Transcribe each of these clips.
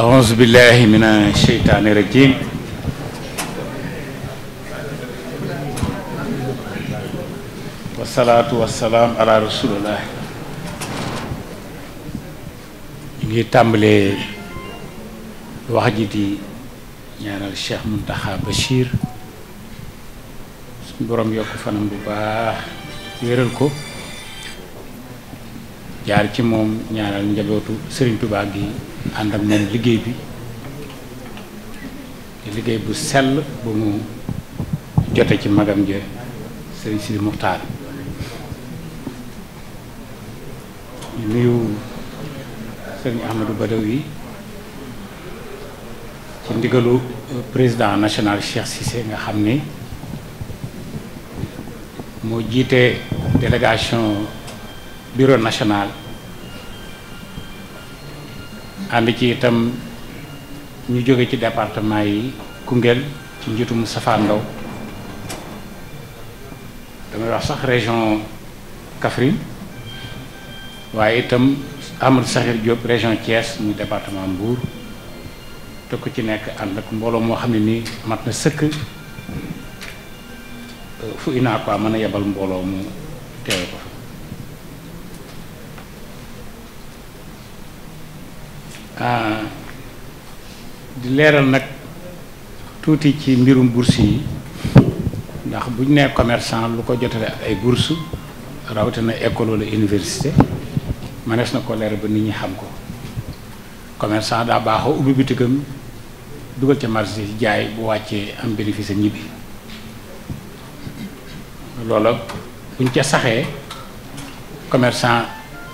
أعوذ بالله من الشيطان الرجيم والصلاة والسلام على رسول الله ngi tàmbalee wax ji di ñaanal Cheikh Mountakha Bachir suñ borom yokk fanam bu baax wéral ko jaar ci moom ñaanal njabootu Serigne Touba gi ànd ak liggéey bi te liggéey bu sell bu mu jote ci magam ja sëriñ Sidi Muxtaar nuyu sëriñ Ahmadou Badaw yi ci ndigalu euh, président national Cheikh Cissé nga xam ni moo jiite délégation bureau national ànd ci itam ñu jóge ci département yi Koungheul ci njiitu safaan Ndaw damay wax sax région Kaffrine waaye itam Amadou Sakhir Diop région Thiès muy département Mbour te ku ci nekk ànd ak mbooloo moo xam ne nii mat na sëkk fu inaa quoi mën a yebal mbooloo mu teewe ko fa Ah, di leeral nag tuuti ci mbirum bourse yi ndax bu ñu nee commerçant lu ko jotale ak ay bourse rawatina école wala université mënees na ko leeral ba nit ñi xam ko commerçant daa baaxoo ubbi bitigam dugal ca marché jaay bu wàccee am bénéfice ñibbi loola buñ ca saxee commerçant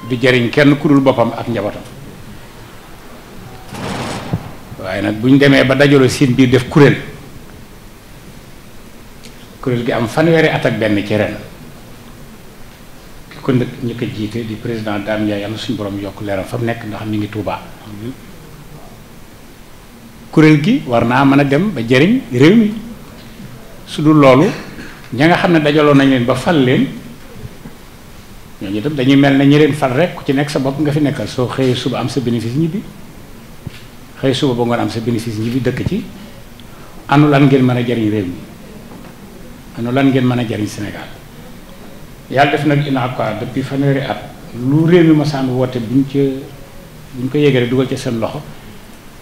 du jariñ kenn ku dul boppam ak njabootam waaye nag bu ñu demee ba dajaloo seen biir def kuréel kuréel gi am fanweeri at ak benn ci ren ki ko nëkk ñu jiite di président Dame Ndiaye yàlla suñu boroom yokk leeram fa mu nekk ndax ñu ngi Touba kuréel gi war naa mën a dem ba jëriñ réew mi su dul loolu ña nga xam ne dajaloo nañ leen ba fal leen ñoo ñu itam dañuy mel ne ñi leen fal rek ku ci nekk sa bopp nga fi nekkal soo xëyee suba am sa bénéfice ñibbi. xëy suba ba ngoon am sa bénéfice ñi fi dëkk ci anu lan ngeen mën a jariñ réew mi anu ngeen mën a jariñ Sénégal yàlla def nag UNACOIS depuis fanweeri at lu réew mi ma saan woote buñ ca buñ ko yegee dugal ca seen loxo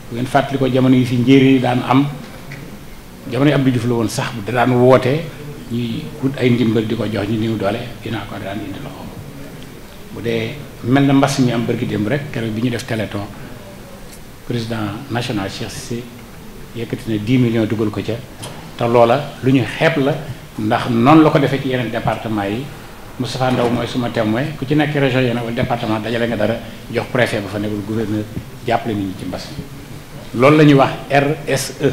bu ngeen fàttali jamono yi si njéeréer yi daan am jamono yi Abdou Diouf la woon sax da daan woote ñuy wut ay ndimbal di ko jox ñu niw doole UNACOIS daan indi loxo bu dee mel na mbas mi am bërki démb rek keroog bi ñu def président national Cheikh Cissé yëkkati na 10 millions dugal ko ca te loola lu ñu xeeb la ndax noonu la ko defee ci yeneen département yi Moustapha Ndaw mooy suma mooy ku ci nekk région yeneen wala département dajale nga dara jox préfet ba fa nekkul gouverneur jàppale nit ñi ci mbas mi loolu la ñuy wax RSE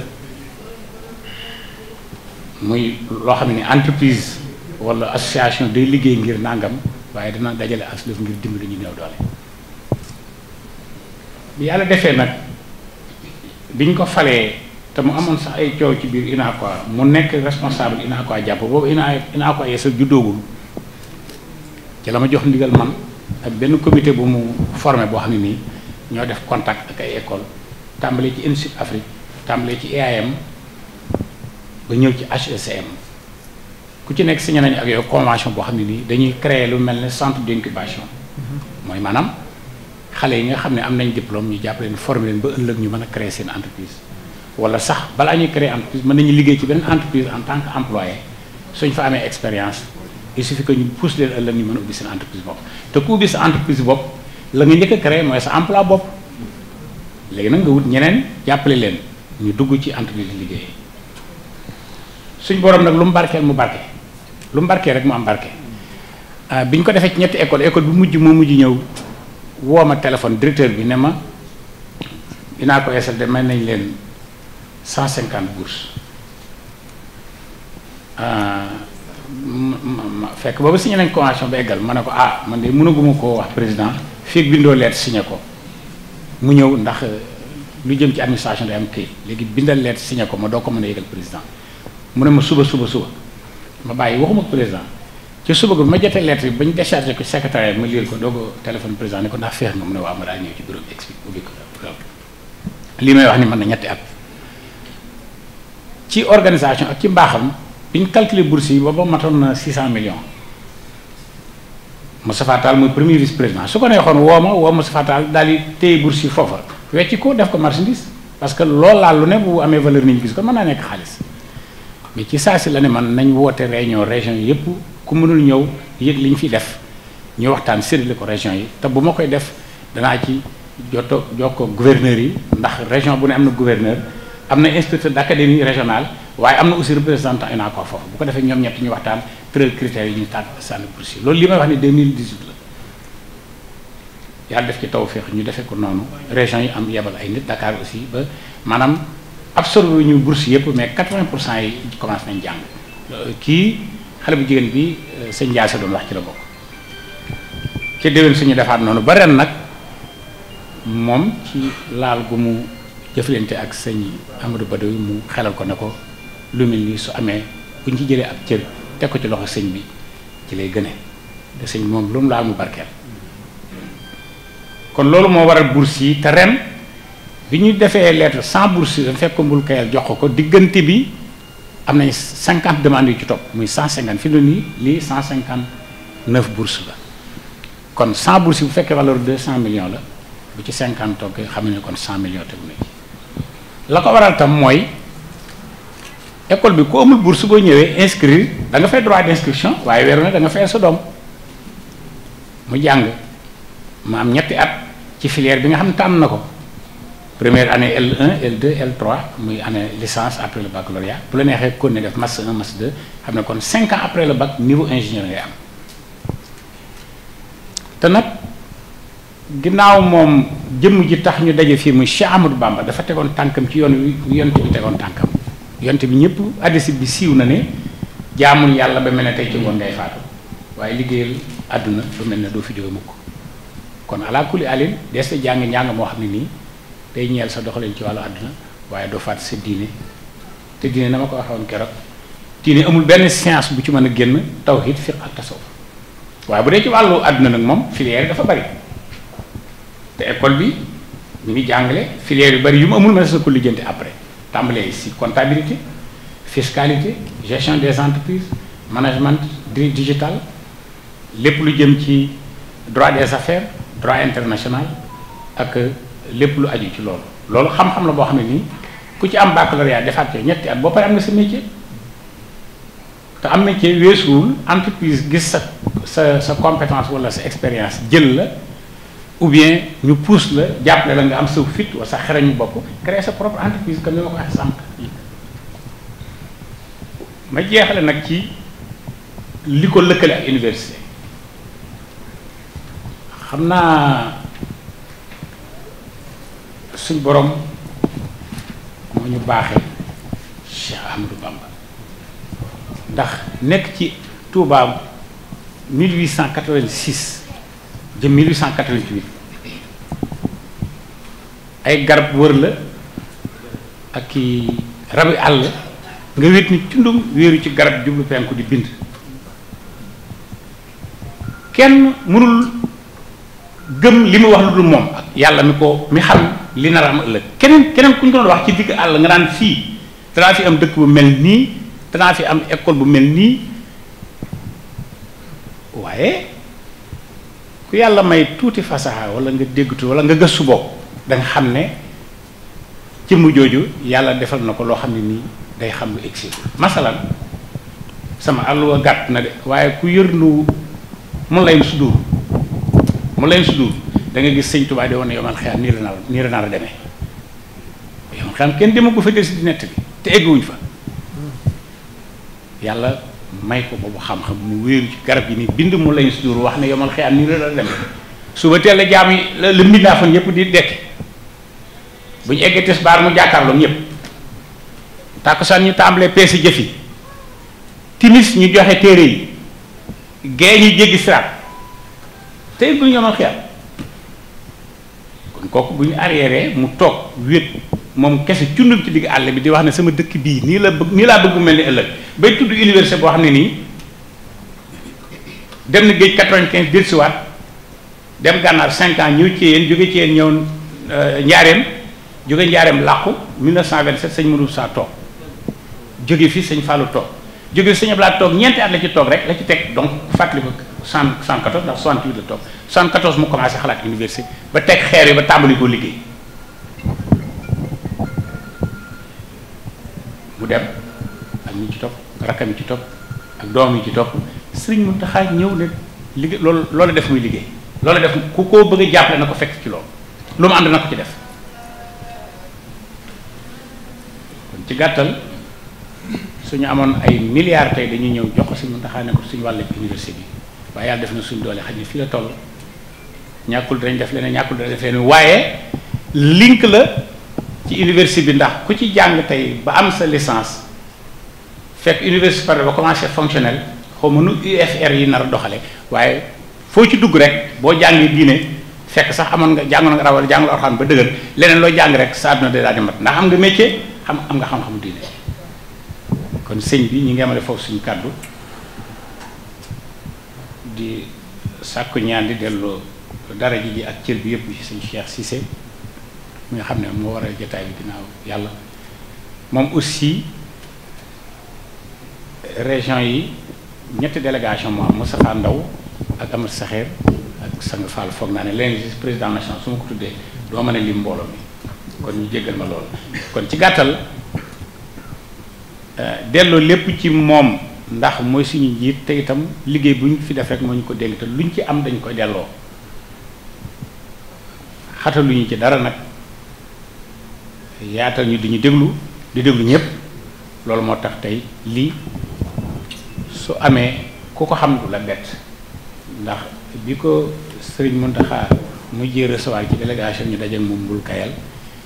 muy loo xam ne entreprise wala association day liggéey ngir nangam waaye dana dajale as lëf ngir dimbali ñu néew doole yàlla defee nag biñ ko falee te mu amoon sax ay coow ci biir UNACOIS mu nekk responsable UNACOIS jàpp boobu UNACOIS yee sa juddoogul ci la ma jox ndigal man ak benn comité bu mu formé boo xam ne nii ñoo def contact ak ay école tàmbalee ci INSIP Afrique tàmbalee ci EAM ba ñëw ci HECM ku ci nekk si signé nañu ak yow convention boo xam ne nii dañuy créer lu mel ne centre d'incubation mm-hmm. mooy maanaam xale yi nga xam ne am nañ diplôme ñu jàpp leen leen ba ëllëg ñu mën a créer seen entreprise wala sax balaa ñuy créer entreprise mën nañu liggéey ci beneen entreprise en tant que employé suñ amee expérience il suffit ñu pousse leen ëllëg ñu mën a ubbi seen entreprise te ku ubbi sa entreprise bopp la nga njëkk a mooy sa emploi bopp léegi nag nga wut ñeneen jàppale leen ñu dugg ci entreprise liggéey suñ borom nag lu mu barkeel mu barke lu mu barkee rek mu am barke euh, bi ñu ko defee ci ñetti école école bi mujj moo mujj ñëw woo ma téléphone directeur bi ne ma dinaa ko esal de may nañ leen cent cinquante ah, ma fekk booba siñe nañ convention ba eggal ma ne ko ah man de mënaguma koo wax président fii bindoo leet signé ko mu ñëw ndax euh, lu jëm ci administration de am këyit léegi bindal lettre signé ko ma doo ko mën a yëgal président mu ne ma suba suba suba ma bàyyi waxuma président ci suba bi ma jotee lettre bi ba ñu déchargé ko secrétaire ma ko doo ko téléphone président ne ko ndax feex nga mu ne waaw ma daal ñëw ci bureau explique ubbi ko lii may wax ni mën na ñetti at ci organisation ak ci mbaaxam bi ñu calculer bourse yi booba matoon na 600 millions Moustapha Tall mooy premier vice président su ko neexoon woo ma woo Moustapha Tall daal di téye bourse yi foofa wecci ko def ko marchandise parce que loolu laal lu ne bu amee valeu ni ñu gis ko naa nekk xaalis ci saa la ne man nañ woote réunion région yëpp. ku mënul ñëw yëg li ñu fi def ñu waxtaan séddale ko région yi te bu ma koy def danaa ci jot jokkoo gouverneur yi ndax région bu ne am na gouverneur am na inspecteur d'académie régionale waaye am na aussi représentant UNACOIS foofu bu ko defee ñoom ñett ñu waxtaan tëral critères yi ñu tànn sànni poursuivre loolu li may wax ne 2018 la yàlla def ci taw feex ñu defee ko noonu région yi am yebal ay nit Dakar aussi ba maanaam absorbé ñu bourse yëpp mais 80 pour cent yi commencé nañ jàng euh, xale bu jigéen bi euh, sëñ Ndiassé doon wax ci la bokk ci déwén suñu defaat noonu ba ren nag moom ci laal gu mu jëflante ak sëñ Amadou Badawi mu xelal ko ne ko lu mel ni su amee buñ ci jëlee ak cër teg ko ci loxo sëñ bi ci lay gëne te sëñ moom lu mu laal mu barkeel kon loolu moo waral bourse yi te ren bi ñu defee lettre sans bourse dafa fekk mbul jox ko ko diggante bi. am nañ cinquante demandes yu ci topp muy cent cinquante fi mu ne nii lii cent cinquante neuf bourses la kon cent bourses bu fekkee valeur deux cent millions la bu ci cinquante toggee xam ne kon cent millions tegu la ko waral tam mooy école bi ku amul bourse boo ñëwee inscrire danga nga fay droit d'inscription waaye weeru ne da nga fayal sa doom mu jàng mu am ñetti at ci filière bi nga xam ne tànn na ko. première année L1 L2 L3 muy année licence après le baccalauréat bu neexee kon ne def master 1 master 2 xam ne kon cinq après le bac niveau ingénieur ngay am te nag ginnaaw moom jëmm ji tax ñu daje fii muy Cheikh Amadou dafa tegoon tànkam ci yoon wi yont bi tegoon tànkam yont bi ñëpp addisi bi siiw na ne jaamul yàlla ba mel ne tey ci ngoon ngay faatu waaye liggéeyal àdduna ba mel ne doo fi jóge mukk kon alaa alin des na jàng njàng moo xam ne nii day ñeel sa doxalin ci wàllu àdduna waaye doo fàtte sa diine te diine na ma ko waxoon keroog diine amul benn science bu ci mën a génn tawhid fiq ak tasawuf waaye bu dee ci wàllu àdduna nag moom filière dafa bari te école bi ñu ngi jàngale filière yu bari yu mu amul mën na ko lijjanti après tàmbalee si comptabilité fiscalité gestion des entreprises management digital lépp lu jëm ci droit des affaires droit international ak lépp lu aju ci loolu loolu xam-xam la boo xam ne nii ku ci am baccalauréat defaat ci ñetti at boo paree am na sa métier te am métier weesuwul entreprise gis sa sa sa compétence wala sa expérience jël la ou bien ñu pousse la jàppale la nga am sa fit wala sa xereñu bopp créer sa propre entreprise comme ni ma ko waxee sànq ma jeexale nag ci li ko lëkkale ak université xam naa suñ boroom moo ñu baaxee Cheikh Ahmadou Bamba ndax nekk ci Touba 1886 jëm 1888 ay garab wër la ak i rabi àll nga wét ni tundum wéeru ci garab jublu penku di bind kenn mënul gëm li mu wax lu dul moom ak yàlla mi ko mi xam li nar am ëllëg keneen keneen ku ñu ko doon wax ci digg àll nga daan fii danaa fi am dëkk bu mel nii danaa fi am école bu mel nii waaye ku yàlla may tuuti fasaxa wala nga déggtu wala nga gëstu bopp da xam ne ci mu jooju yàlla defal na ko loo xam ne nii day xam lu egsi masalan sama àll wa gàtt na de waaye ku yër nu mun lay sudur mu lay sudur da gis sëñ Tuubaa di wane yomal xiyam nii la nar nii la nar yomal xiyam kenn dema ko fa des di nett bi te egguwuñ fa yàlla may ko boobu xam-xam mu wéeru ci garab yi nii bind mu lay sudur wax ne yomal xiyam ni la nar a demee suba teel la jaam yi la mbindaa fan yëpp di dekki bu ñu eggee baar mu jàkkaarloo ñëpp tàkkusaan ñu tàmbalee peese jëf yi timis ñu joxe téere yi gée ñu jéggi siraat tey bu ñu yomal xel kon kooku bu ñu arriéré mu toog wéet moom kese cundum ci digg àll bi di wax ne sama dëkk bii nii la bëgg nii laa bëgg mel ni ëllëg bay tudd université boo xam ne nii dem na géej quatre-vingt-quinze dellu siwaat dem gànnaar cinq ans ñëw ci yéen jóge ci yéen ñëw euh, njaareem jóge njaareem làqu 1927 sëñ Modou Sa toog jóge fii sëñ Fallou toog jóge sëñ Ablaye toog ñeenti at la ci toog rek la ci teg donc fàttali ko cent cent quatorze ndax soixante huit la mu commencé xalaat université ba teg xeer yi ba tàmbali koo liggéey mu dem ak ñi ci topp rakkam yi ci topp ak doom yi ci topp mu Mountakha ñëw ne liggéey loolu loolu def muy liggéey loolu def ku ko bëgg jàppale na ko fekk ci loolu lu mu ànd na ko ci def kon ci gàttal suñu amoon ay milliards tey dañuy ñëw jox si suñu Muntaxa ne ko suñu wàll université bi waaye yàlla def na suñu doole xaj na fii la toll ñàkkul dinañ def leneen ñàkkul dinañ def leneen waaye link la ci université bi ndax ku ci jàng tey ba am sa licence fekk par ba commencé fonctionnel xaw ma nu UFR doxale waaye foo ci dugg rek boo jàngee diine fekk sax amoon nga jàngoon nga rawal jàngal alxuraan ba dëgër leneen loo jàng rek sa àdduna day daal ndax am nga métier xam am nga xam-xamu diine kon sëñ bi ñu ngi amale foofu suñu kàddu di sàkku ñaan di delloo dara ji ji ak cër bi yëpp ci sëñ Cheikh Cissé mi nga xam ne moo waral jotaay bi ginnaaw yàlla moom aussi région yi ñetti délégation moo am Moustapha Ndaw ak Amar Saxeer ak Sang Fall foog naa ne leneen li président national su ma ko tuddee doo mën lim mbooloo mi kon ñu jéggal ma lool kon ci gàttal delloo lépp ci moom ndax mooy suñu njiit te itam liggéey bu ñu fi def rek moo ñu ko dénk te ñu ci am dañ koy delloo xataluñu ci dara nag yaatal ñu ñu déglu di déglu ñépp loolu moo tax tey lii su amee ku ko xam du la bett ndax bi ko sëriñ Mountakha mu jee recevoir ci délégation ñu daje ak moom bul kayal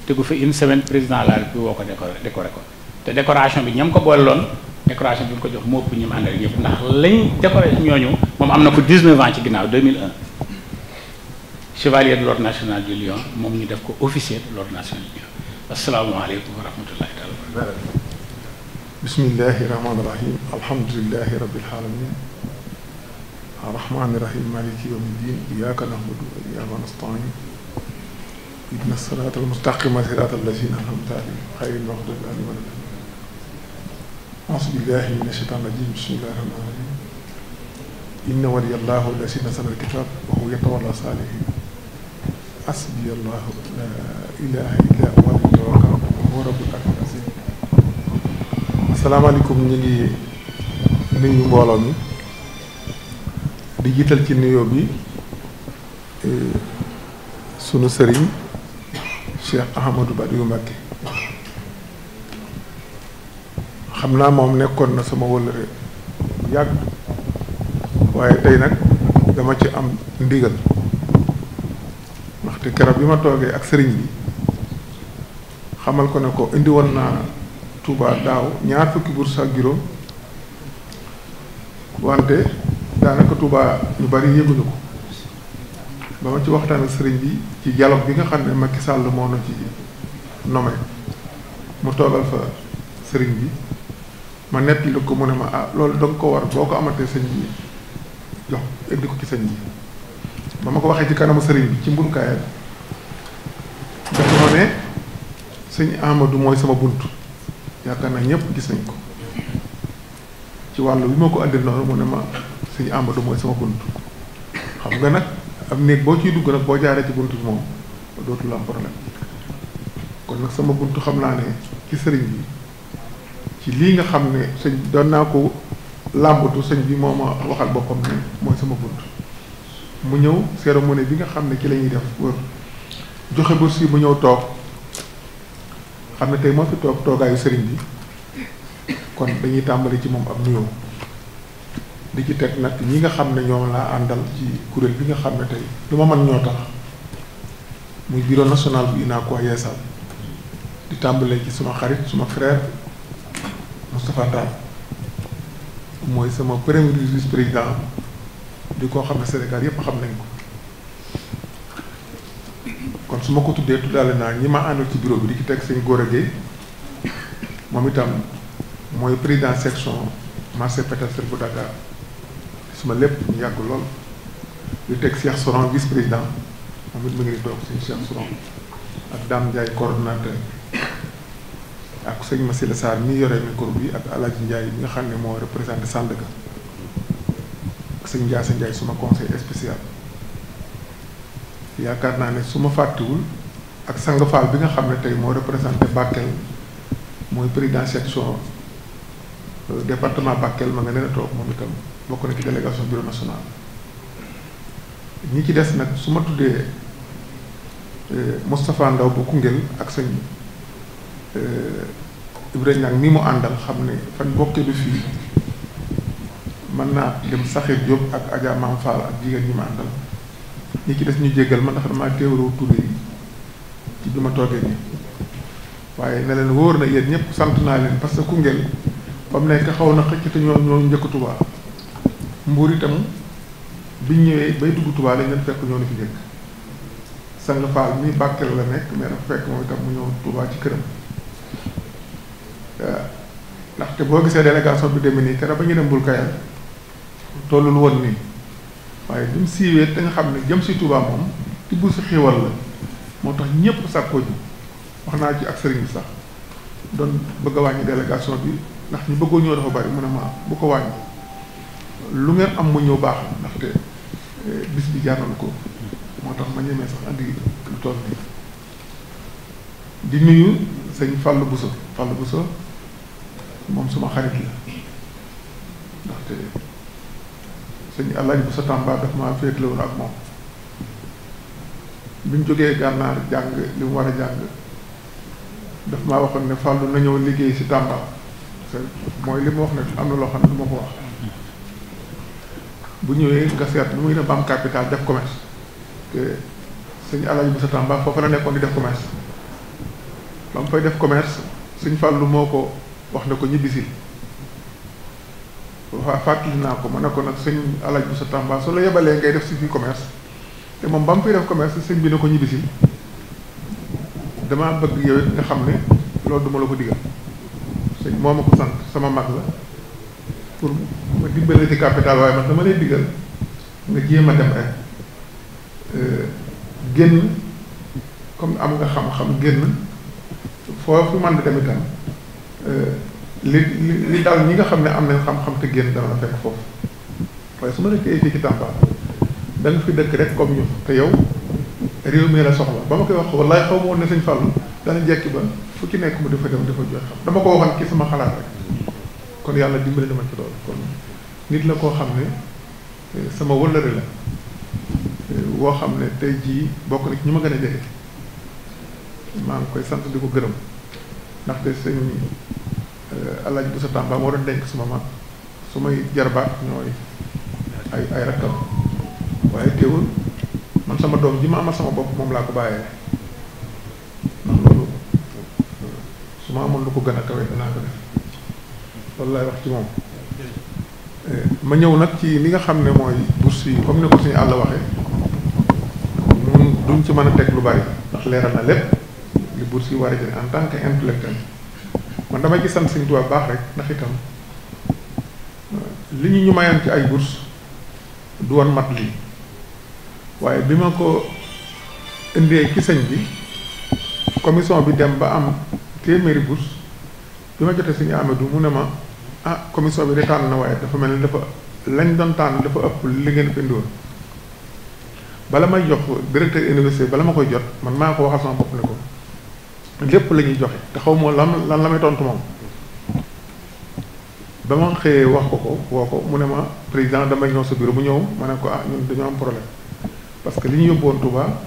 te ku fi une semaine président la République woo ko décoré décoré ko te décoration bi ñam ko booleloon décoration bi ñu ko jox moo ëpp ñi mu àndal ñëpp ndax lañ décoré ñooñu moom am na ko 19 ans ci ginnaaw 2001 chevalier de l'ordre national du moom ñu def ko officier de l'ordre national du lion asalaamaaleykum wa rahmatullahi taala bismillahi rahmaani rahim alhamdulilahi rabbil alamin arrahmaani rahim maliki yawmi din iyyaka nahmadu wa iyyaka nasta'in ihdina siraatal mustaqima siraatal lazina an'amta alayhim ghayril maghdubi alayhim أعوذ بالله من الشيطان الرجيم بسم الله الرحمن الرحيم إن ولي الله الذي نزل الكتاب وهو يتولى الصالحين حسبي الله لا إله إلا هو عليه توكلت وهو رب العرش العظيم asalaamaaleykum ñu ngi nuyu mbooloo mi di jiital ci nuyoo bi sunu sëriñ Cheikh Ahmadou Badiou Mbacké xam naa moom nekkoon na sama wëllëre yàgg waaye tey nag dama ci am ndigal waxte garab bi ma toogee ak sëriñ bi xamal ko ne ko indi woon naa Touba daaw ñaar fukki bourse ak juróom wante daanaka Touba ñu bari yëguñu ko ba ma ci waxtaan ak sëriñ bi ci dialogue bi nga xam ne Macky Sall moo na ci nommé mu toogal fa sëriñ bi ma nett li ko mu ne ma ah loolu da ko war boo ko amatee sëñ bi jox indi ko ci sëñ bi ba ma ko waxee ci kanamu sëriñ bi ci mburukaayam dafa ma sëñ Amadou mooy sama bunt yaakaar naa ñëpp gis nañ ko ci wàllu bi ko andil noonu ne ma sëñ Amadou mooy sama bunt xam nga nag am néeg boo ciy dugg nag boo jaaree ci bunt bi moom dootul am problème kon nag sama bunt xam naa ne ci sëriñ bi ci lii nga xam ne sëñ doon naa ko làmbatu sëñ bi moom ma waxal boppam ne mooy sama bunt mu ñëw cérémonie bi nga xam ne ci lañuy def pour joxe bourse yi mu ñëw toog xam ne tey moo fi toog toogaayu sëriñ bi kon dañuy tàmbali ci moom ab nuyoo di ci teg nag ñi nga xam ne ñoom laa àndal ci kuréel bi nga xam ne tey lu ma mën ñoo tax muy bureau national bu UNACOIS Yeesal di tàmbalee ci suma xarit suma frère. Moustapha Tall mooy sama premier vice président di koo xam ne Sénégal yépp xam nañ ko kon su ma ko tuddee tuddaale naa ñi ma àndal ci bureau bi di ci teg sëñ Gora Gueye moom itam mooy président section marché pédestre bu Dakar suma lépp ñu yàgg lool di teg Cheikh Soron vice président moom it mu ngi toog sëñ Cheikh Soron ak Dame Ndiaye coordonnateur ak sëñ ma Massila Sarr mi yore micro bi ak alaji Hadj Ndiaye mi nga xam ne moo représenté Sandaga ak sëñ Ndiassa Ndiaye suma conseil spécial yaakaar naa ne su ma fàttewul ak Sang Fall bi nga xam ne tey moo représenté Bakel mooy président section euh, département Bakel ma nga leen a toog moom itam bokk na ci délégation bureau national ñi ci des nag su ma tuddee euh, Moustapha Ndaw bu Koungheul ak sëñ. Euh, Ibrahima nag mi mu àndal xam ne fan bokkee du fii mën naa dem Saxir Diop ak Adja Mam Fall ak jigéen ñi ma àndal ñi ci des ñu jéggal ma ndax damaa teewloo tur yi ma toogee waaye na leen wóor na yéen ñëpp sant naa leen parce que Koungheul ba mu nekk xaw na xëcc te ñoo ñoo njëkk Touba Mbour itam bi ñëwee bay dugg Touba lañ leen fekk ñoo ni fi njëkk sang Fall mi Bakel la nekk mais dafa fekk moom itam mu ñëw Touba ci këram. waaw ndaxte boo gisee délégation bi deme nii keroog ba ñu dem bul kayal tollul woon nii waaye bi mu siiwee te nga xam ne jëm si Touba moom tibb si xiiwal la moo tax ñëpp sàkkoo ji wax naa ci ak sëriñ bi sax doon bëgg a wàññi délégation bi ndax ñu bëggoo ñëw dafa bari mu a ma bu ko wàññi lu ngeen am mu ñëw baax ndaxte eh, bis bi jaaral ko moo tax ma ñemee sax andi lu toll nii di nuyu sëñ Fallou Bousso Fallou Bousso. moom suma xarit la ndaxte sëñ Alaaji bu sa Tamba daf maa féetle woon ak moom bi jógee gànnaar jàng li mu war a jàng daf maa waxoon ne fàllu na ñëw liggéey si Tamba parce mooy li mu wax ne am na loo xam ne du ma ko wax bu ñëwee nga seet lu mu ne ba am capital def commerce te sëñ Alaaji bu sa Tamba foofu la nekkoon di def commerce ba mu fay def commerce sëñ fàllu moo ko wax na ko ñibbisil waa fàttali naa ko ma ne ko nag sëñ alaaj bu sa tàmba su la yebalee ngay def si fii commerce te moom ba mu fiy def commerce sëñ bi na ko ñibbisil damaa bëgg yow it nga xam ne loolu duma la ko digal sëñ moo ma ko sant sama mag la pour ma dimbale ci capital waaye man dama lay digal nga jéem a dem rek euh, génn comme am nga xam-xam génn foofu man di Euh, li li daal ñi nga xam ne am nañ xam-xam te génn dana fekk foofu waaye su ma nekkee fii ci Tamba da fi dëkk rek comme ñu te yow réew mi la soxla ba ma koy wax wallaay xaw ma woon ne sëñ Fallou dana jekki ba fu ci nekk mu dafa dem dafa joxe xam dama ko waxoon ci sama xalaat rek kon yàlla dimbali na ci loolu kon nit la koo xam ne euh, sama wëllëre la euh, woo xam ne tey jii bokk na ñu ma gën a jege maa ngi koy sant di ko gërëm. ndaxte sëñ eh, alaaj bu sa tàmba moo doon denk sama mag su may jarbaat ñooy ay ay rakkam waaye teewul man sama doom ji ma amal sama bopp moom laa ko bàyyee ndax loolu su ma amoon lu ko gën a kawe danaa ko def loolu laay wax ci moom eh, ma ñëw nag ci li nga xam ne mooy bourse yi comme ni ko suñu àll waxee ñun duñ ci mën a teg lu bari ndax leeral na lépp bu si war a jëlee en tant que intellectuel man damay ci sant Sëriñ Tuubaa baax rek ndax itam li ñu ñu mayoon ci ay bourse du woon mat lii waaye bi ma ko indee ci sëñ bi commission bi dem ba am téeméeri bourse bi ma jotee Sëriñ Amadou mu ne ma ah commission bi de tànn na waaye dafa mel ni dafa lañ doon tànn dafa ëpp li ngeen fi indiwoon bala may jox directeur université bala ma koy jot man maa ko waxal sama bopp ne ko lépp la ñuy joxe te xaw ma lan lan la may tontu moom ba ma xëyee wax ko ko woo ko mu ne ma président damay ñëw sa bureau bu ñëw ma ne ko ah ñun am problème parce que li ñu yóbboon Touba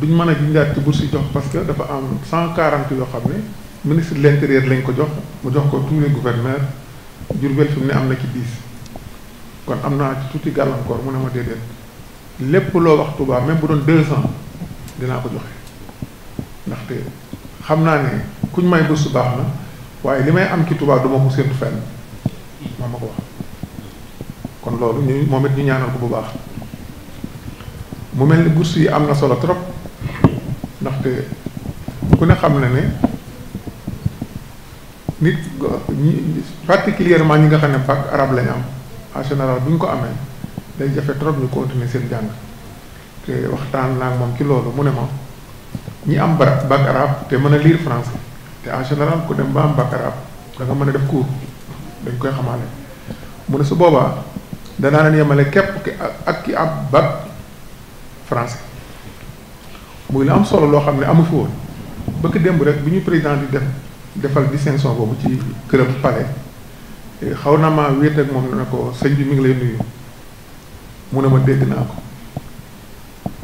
duñ mën a gindaat ci bourse jox parce que dafa am cent quarante yoo xam ne ministre de l'intérieur lañ ko jox mu jox ko tous les gouverneurs Jurbel fi mu ne am na ci biis kon am naa ci tuuti gàllankoor mu ne ma déedéet lépp loo wax Touba mais bu doon deux cent dinaa ko joxe. ndaxte xam naa ne kuñ may bés su baax na waaye li may am ci Touba du ma ko seen fenn maa ma ko wax kon loolu ñu moom it ñu ñaanal ko bu baax mu mel ni bourse yi am na solo trop ndaxte ku ne xam na ne nit particulièrement ñi nga xam ne bac arabe lañ am en général bu ko amee day jafe trop ñu continuer seen jàng te waxtaan naa moom ci loolu mu ne ma ñi am bac bac arabe te mën a liir français te en am ko dem ba am bac arabe da nga mën a def cours dañ koy xamaale mu ne su boobaa danaa leen yemale képp ki ak ki ab bac français muy la am solo loo xam ne amu fi woon bëgg démb rek bi ñu président di def defal distinction boobu ci këram palais eh, xaw na maa wéet ak moom ne ko sëñ bi mi ngi lay nuyu mu ne ma dégg naa ko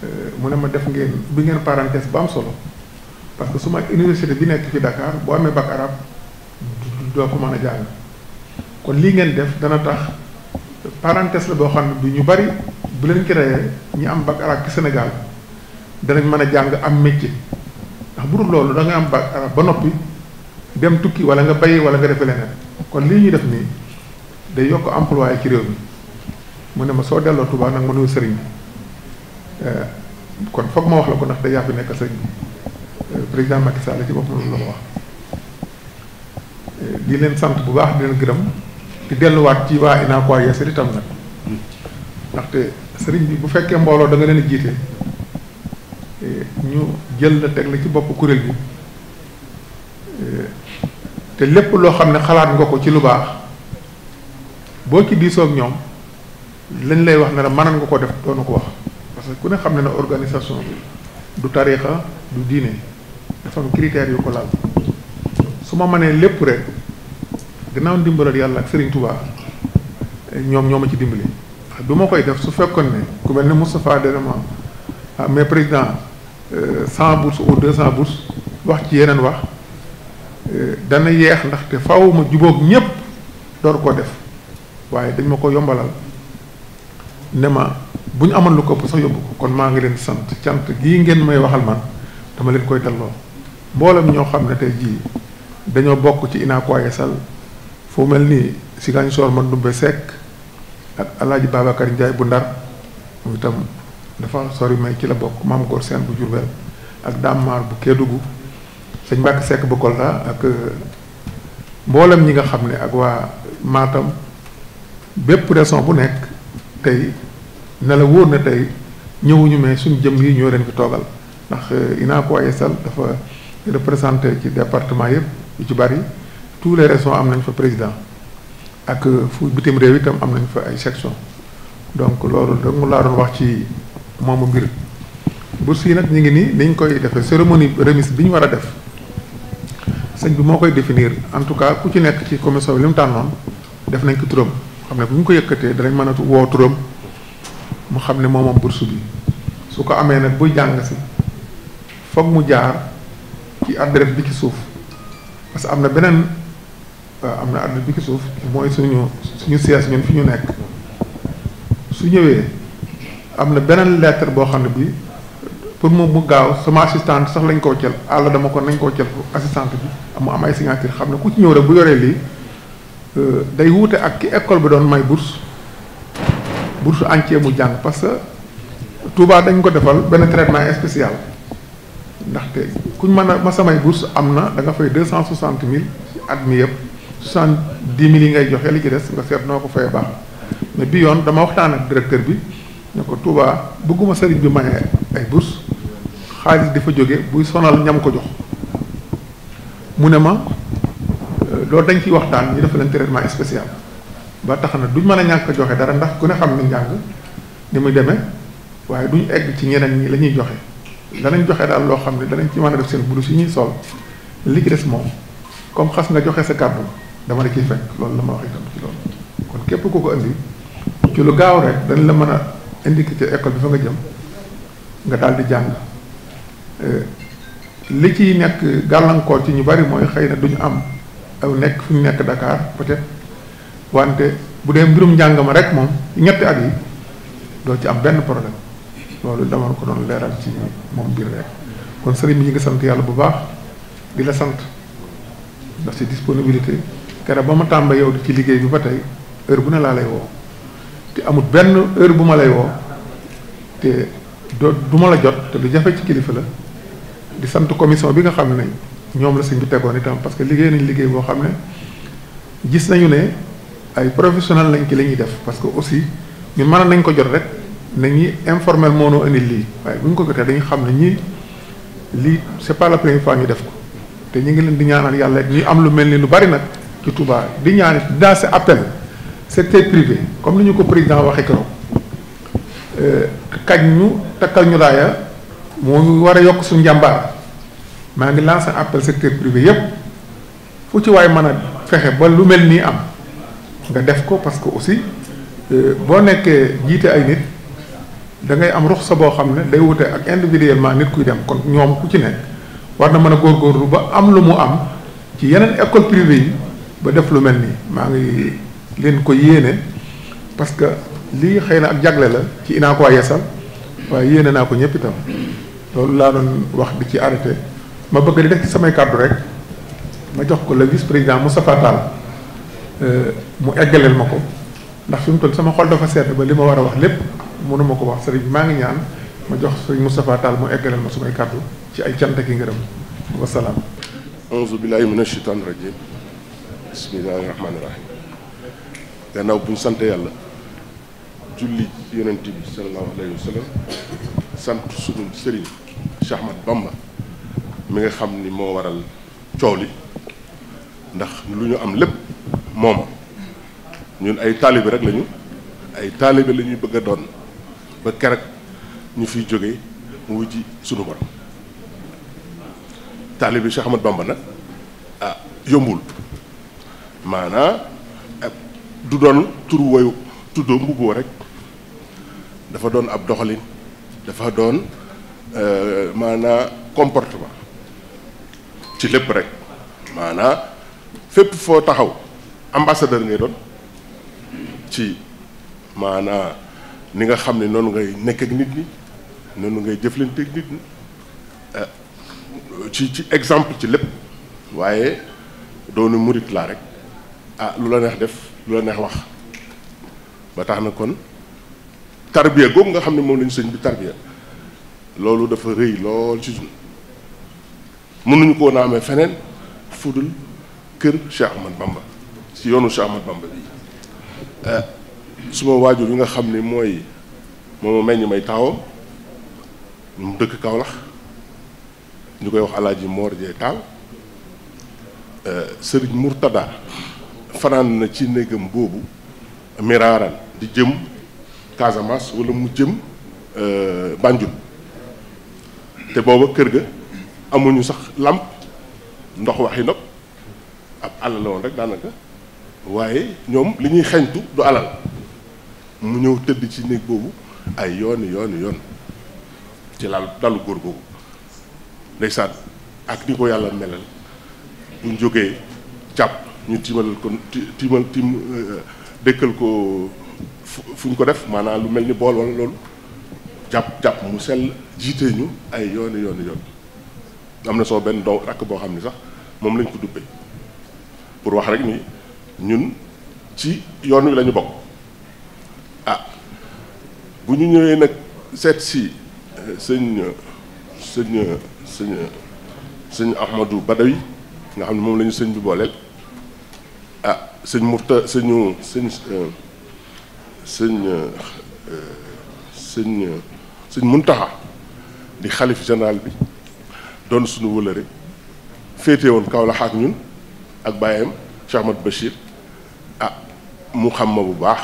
Euh, mu ne ma def ngeen bi ngeen parenthèse bu am solo parce que su ma université bi nekk fi Dakar boo amee bac arab doo ko mën a jàng kon lii ngeen def dana tax parenthèse la boo xam ne bi ñu bari bu leen créé ñu am bac arab ci Sénégal danañ mën a jàng am métier ndax bu dul loolu da am bac arab ba noppi dem tukki wala nga bayi wala nga defe leneen kon lii ñuy def nii day yokk emploi ci réew mi mu ne ma soo delloo Tuubaa nag ma nuyu sëriñ Euh, kon foog ma wax la ko ndax da yaa fi nekk sëñ euh, président Macky la ci boppam loolu la ma wax euh, di leen sant bu baax di leen gërëm di delluwaat ci waa UNACOIS Yeesal itam nag ndaxte sëriñ bi bu fekkee mbooloo danga nga leen jiite ñu jël la teg la ci bopp kuréel bi te lépp loo xam ne xalaat nga ko ci lu baax boo ci diisoo ñoom lañ lay wax ne mën mënoon nga ko def doonu ko wax parce ku ne xam ne na organisation bi du tariixa du diine dafa am critères yu ko laal su ma mënee lépp rek gannaaw ndimbalal yàlla ak Serigne Touba ñoom ñoo ma ci dimbali. du ma koy def su fekkoon ne ku mel ne Moustapha Denema ah mais président euh, cent bourses ou deux cent bourses wax ci yeneen wax euh, dana yeex ndaxte faaw ma jubóog ñépp door koo def waaye dañ ma ko yombalal ne ma. bu ñu amoon lu ko ëpp sax yóbbu ko kon maa ngi leen sant cant gii ngeen may waxal man dama leen koy delloo mbooleem ñoo xam ne tey jii dañoo bokk ci Unacois Yessal foo mel nii Ziguinchor man dumbe Seck ak alaaji Babacar Ndiaye bu Ndar mu itam dafa sori may ci la bokk maam Góor Seen bu Jurbel ak Dammar bu Kédougou sëñ Mbàkke Seck bu Kolda ak euh, mboolem ñi nga xam ne ak waa Matam bépp région bu nekk tey nelaw la wóor na tey ñëwuñu mais suñu jëm yi ñoo leen fi toogal ndax euh, INACO ASL dafa représenter ci département yëpp yu ci bari tous les régions am nañ fa président ak euh, fu bitim réew tam am nañ fa ay section donc loolu rek mu laa doon wax ci moom mbir bourse yi nag ñu ngi nii niñ koy defee cérémonie remise bi ñu war a def sëñ bi moo koy définir en tout cas ku ci nekk ci commission bi li mu tànnoon def nañ ko turam xam ne bu ñu ko yëkkatee danañ mën a woo turam mu xam ne moom moomam bourse bi su ko amee nag buy jàng si foog mu jaar ci adresse bi ci suuf parce que am na beneen euh, am na adresse bi ki suuf mooy suñu suñu siège ñun fi ñu nekk su ñëwee am na beneen lettre boo xam ne bi pour mu mu gaaw sama assistante sax lañ koo cël àll dama ko nañ koo cël assistante bi mu am ay signature xam ne ku ci ñëw rek bu yoree lii euh, day wuute ak ki école bi doon may bourse bourse entier mu jàng parce que Touba dañ ko defal benn traitement spécial ndaxte kuñ mën a ma samay bourse am na danga fay deux cent soixante mille at mi yëpp soixante dix mil yi ngay joxe li ci des nga seet noo ko fay baax mais bi yoon dama waxtaan ak directeur bi ne ko Touba bëgguma sëriñ bi maye ay bourse xaalis di fa jóge buy sonal ñam ko jox mu ne ma euh, loolu dañ ciy waxtaan ñu defal leen traitement spécial ba tax na duñ mën a ñàkk joxe dara ndax ku ne xam ni njàng ni muy demee waaye duñ egg ci ñeneen ñi la ñuy joxe danañ joxe daal loo xam ne danañ ci mën a def seen bulu si ñuy sol li ci des moom comme xas nga joxe sa kàddu dama la ciy fekk loolu la ma wax itam ci loolu kon képp ku ko indi ci lu gaaw rek dañ la mën a indiqué ci école bi fa nga jëm nga daal di jàng eh, li ciy nekk gàllankoor ci ñu bari mooy xëy na duñu am aw nekk fu ñu nekk Dakar peut-être wante bu dee mbirum njàng ma rek moom ñetti at yi doo ci am benn problème loolu dama ko doon leeral ci moom biir rek kon sëriñ bi ñu ngi sant yàlla bu baax di la sant ndax si disponibilité kere ba ma tàmba yow di ci liggéey bi ba tey heure bu ne laa lay woo te amut benn heure bu ma lay woo te doo du ma la jot te lu jafe ci kilifa la di sant commission bi nga xam ne ñoom la sëñ bi tegoon itam parce que liggéey nañ liggéey boo xam ne gis nañu ne ay professionnel nañ ci lañuy ñuy def parce que aussi ñu mën nañ ko jot rek nañuy informel moo noo indi lii waaye bu ñu ko jotee dañu xam ne ñi lii c'est pas la fois ñu def ko te ñu ngi leen di ñaanal yàlla ñuy am lu mel ni lu bari nag ci Touba di ñaan dans ce appel secteur privé comme li ñu ko président waxee keroog euh, kañ ñu takkal ñu laaya moo ñu war a yokk suñu njàmbaar maa ngi lancer appel secteur privé yépp fu ci waay mën a fexe ba lu mel nii am. nga def ko parce que aussi euh, boo nekkee jiite ay nit dangay am am sa boo xam ne day wute ak individuellement nit kuy dem kon ñoom ku ci nekk war na mën a góorgóorlu ba am lu mu am ci yeneen école privée yi ba def lu mel nii maa ngi leen ko yéene parce que lii xëy na ak jagle la ci inaa ko waa yeesal waaye yéene naa ko ñëpp itam loolu laa doon wax di ci arrêté ma bëgg di def ci samay kàddu rek ma jox ko le vice président Moustapha Tall Euh, mu eggaleel ma ko ndax fi mu toll sama xol dafa sedd ba li ma war a wax lépp mënu ma ko wax sëriñ bi maa ngi ñaan ma jox sëriñ Moustapha Tall mu eggaleel ma sumay kàddu ci ay cant ki ngërëm wasalaam auzu billahi mina shaytaani rajim bismillahi rahmaani rahim gannaaw bu ñu sant yàlla julli ci yonent bi sallallahu alayhi wa sant sunu sëriñ Cheikh Ahmad Bamba mi nga xam ni moo waral coow li ndax lu ñu am lépp moom ñun ay taalibe rek lañu ay taalibe lañuy ñuy bëgg a doon ba keroog ñu fiy jógee mu wujji sunu borom taalibe Cheikh Ahmad Bamba ah yombul maanaa eh, du doon tur woyu tuddoo mbubboo rek dafa doon ab doxalin dafa doon eh, maanaa comportement ci lépp rek maanaa fépp foo taxaw ambassadeur ngay doon ci maanaa ni nga xam ne noonu ngay nekk ak nit ñi noonu ngay jëflante ak nit ñi eh, ci ci exemple ci lépp waaye doonu murit laa rek ah lu la neex def lu la neex wax ba tax na kon tarbiya googu nga xam ne moom lañu sëñ bi tarbiya loolu dafa rëy lool ci ñun mënuñu koo amee feneen fudul kër Cheikh Ahmad Bamba ci yoonu Cheikh Ahmad Bamba bi eh, suma waajur yi nga xam ni mooy moo ma meññ may taawam mu dëkk Kaolack ñu koy wax alaaji Mor Jeey Taal eh, sëriñ Murtada fanaan na ci néegam boobu miraaran di jëm Casamance wala mu jëm eh, Banjul te booba kër ga amuñu sax làmp ndox waxi nopp ab àll rek daanaka waaye ñoom li ñuy xañtu du alal mu ñëw tëdd ci néeg boobu ay yooni yooni yoon ci lal dalu góor boobu ndeysaan ak ni ko yàlla melal buñ jógee càpp ñu tiimalal ko tiimal tiim euh, dëkkal ko fu ñu ko def maanaam lu mel ni bool wala loolu jàpp jàpp mu sell jiite ñu ay yooni yooni yoon am na soo benn doom rakk boo xam ni sax moom lañ ko dubbee pour wax rek ni ñun ci yoon wi lañu bokk ah bu ñu ñëwee nag seet si euh, sëñ sëñ sëñ sëñ Ahmadou Badawi nga xam ne moom lañu sëñ bi booleel a ah, sëñ Murta sëñu sëñ euh, sëñ euh, sëñ sëñ Muntaxa di xalif général bi doon suñu wëlëre féete woon Kaolack ak ñun ak bàyyam Cheikh Ahmad Bachir mu xam ma bu baax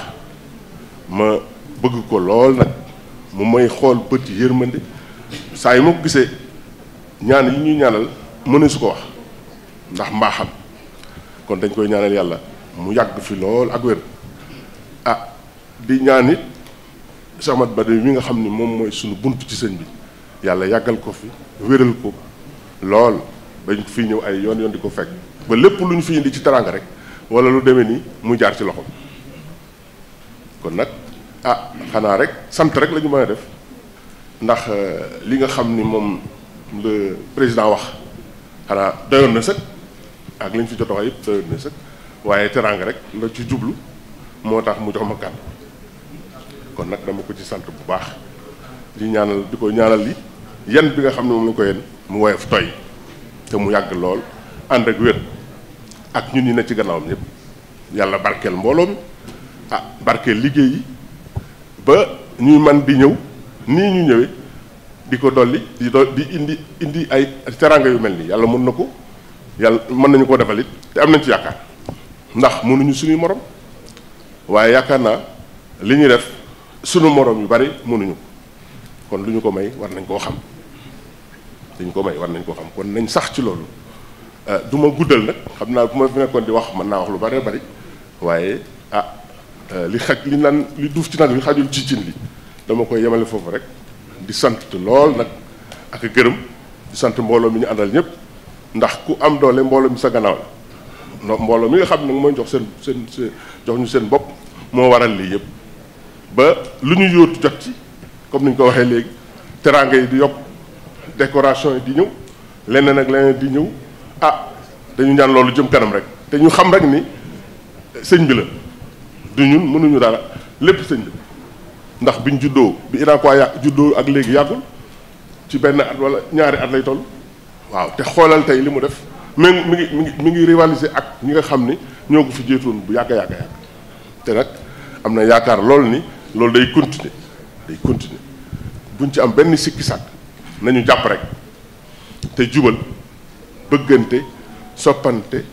ma bëgg ko lool nag mu may xool bët yërmande saa yu ma ko gisee ñaan yi ñuy ñaanal mënu su ko wax ndax mbaaxam kon dañ koy ñaanal yàlla mu yàgg fi lool ak wér ah di ñaan it samat ba mi nga xam ni moom mooy sunu bunt ci sëñ bi yàlla yàggal ko fi wéral ko lool dañ fi ñëw ay yoon yoon di ko fekk ba lépp lu ñu fi indi ci teraanga rek wala lu demee ni mu jaar ci loxo kon nag ah xanaa rek sant rek lañu ñu mën a def ndax euh, li nga xam ni moom le président wax xanaa doyoon na sax ak li ñu fi jot a wax yëpp doyoon na sax waaye teraanga rek la ci jublu moo tax mu jox ma kàddu kon nag dama ko ci sant bu baax di ñaanal di ko ñaanal li yan bi nga xam ne moom la ko yen mu woyof toy te mu yàgg lool ànd ak ak ñun ñi ne ci gannaawam ñëpp yàlla barkeel mbooloo mi ah barkeel liggéey yi ba ñuy man di ñëw nii ñu ñëwee di ko dolli di do di indi indi ay teranga yu mel nii yàlla mën na ko yàlla mën nañ koo defal it te am nañ ci yaakaar ndax mënuñu suñuy moroom waaye yaakaar naa li ñuy def sunu moroom yu bari mënuñu ko kon lu ñu ko may war nañ koo xam dañ ko may war nañ koo xam kon nañ sax ci loolu ah, du ma guddal nag xam naa bu ma fi nekkoon di wax mën naa wax lu bari bari waaye ah, Euh, li xaj li nan li duuf ci nag li xajul ci cin li dama koy yemale foofu rek di sant lool nag ak gërëm di sant mbooloo mi ñu àndal ñëpp ndax ku am doole mbooloo mi sa gannaaw mbooloo mi nga xam ne nag mooy jox seen seen seen jox ñu seen bopp moo waral lii yëpp ba lu ñu yóotu jot ci comme ni ñu ko waxee léegi teraanga yi di yokk décoration yi di ñëw leneen ak leneen di ñëw ah dañu ñaan loolu jëm kanam rek te ñu xam rek ni sëñ bi la. du ñun mënuñu dara lépp sëñ bi ndax biñ juddoo bi Irakwa ya juddoo ak léegi yàggul ci benn at walla ñaari at lay toll waaw te xoolal tey li mu def même mu ngi mi ngi mi ngi rivaliser ak ñi nga xam ni ñoo ko fi jiitoon bu yàgg yàgga yàgg te nag am na yaakaar lool ni loolu day continuer day continuer buñ ci am benn sikki sàkk nañu jàpp rek te jubal bëggante soppante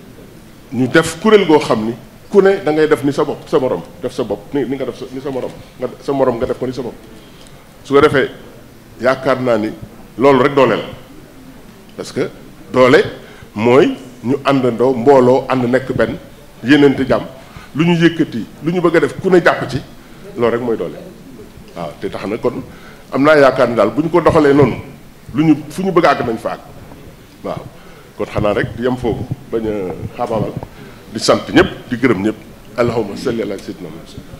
ñu def kuréel goo xam ni. ku ne da ngay def ni sa bopp sa morom def sa bopp ni nga def sa ni sa morom nga sa nga def sa bopp su ko defee yaakaar naa ni loolu rek doole la parce que doole mooy ñu ànd àndandoo mbooloo ànd nekk benn yéenante jàmm lu ñu yëkkati lu ñu bëgg a def ku ne jàpp ci loolu rek mooy doole waaw te tax na kon am naa yaakaar ni daal bu ñu ko doxalee noonu lu ñu fu ñu bëgg a àgg nañ fa ak waaw kon xanaa rek yem foofu bañ a xaabaabal di sant ñëpp di gërëm ñëpp allahumma salli ala sayyidina Muhammad